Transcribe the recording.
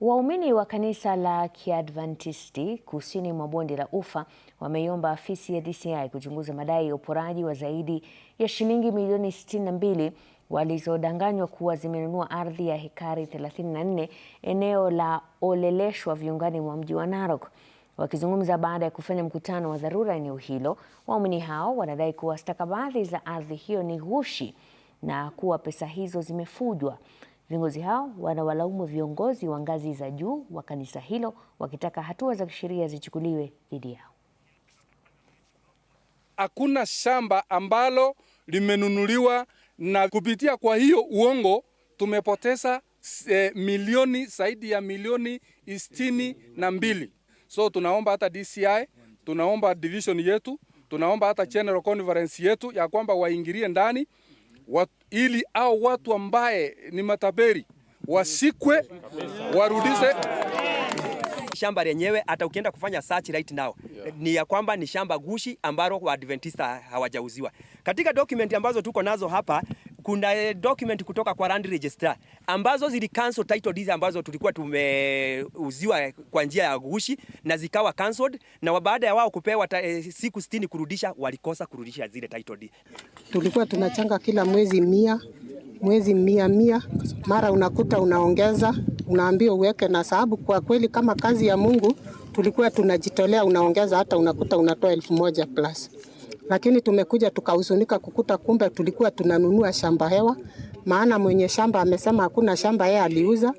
Waumini wa kanisa la Kiadvantisti kusini mwa bonde la Ufa wameiomba afisi ya DCI kuchunguza madai ya uporaji wa zaidi ya shilingi milioni 62 walizodanganywa kuwa zimenunua ardhi ya hekari 34 eneo la Oleleshwa viungani mwa mji wa Narok. Wakizungumza baada ya kufanya mkutano wa dharura eneo hilo, waumini hao wanadai kuwa stakabadhi za ardhi hiyo ni ghushi na kuwa pesa hizo zimefujwa. Viongozi hao wanawalaumu viongozi wa ngazi za juu wa kanisa hilo wakitaka hatua za kisheria zichukuliwe dhidi yao. Hakuna shamba ambalo limenunuliwa na kupitia kwa hiyo uongo tumepoteza e, milioni zaidi ya milioni sitini na mbili. So tunaomba hata DCI, tunaomba division yetu, tunaomba hata general conference yetu ya kwamba waingilie ndani watu ili au watu ambaye ni mataberi wasikwe, warudize shamba lenyewe. Hata ukienda kufanya search right now yeah, ni ya kwamba ni shamba gushi ambalo Adventista hawajauziwa. Katika document ambazo tuko nazo hapa kuna eh, document kutoka kwa land registrar ambazo zili cancel title deeds ambazo tulikuwa tumeuziwa kwa njia ya gushi na zikawa cancelled, na baada ya wao kupewa ta, eh, siku 60 kurudisha, walikosa kurudisha zile title deeds. Tulikuwa tunachanga kila mwezi mia mwezi mia mia, mara unakuta unaongeza, unaambia uweke, na sababu kwa kweli kama kazi ya Mungu tulikuwa tunajitolea, unaongeza hata unakuta unatoa elfu moja plus lakini tumekuja tukahuzunika kukuta kumbe tulikuwa tunanunua shamba hewa, maana mwenye shamba amesema hakuna shamba yeye aliuza.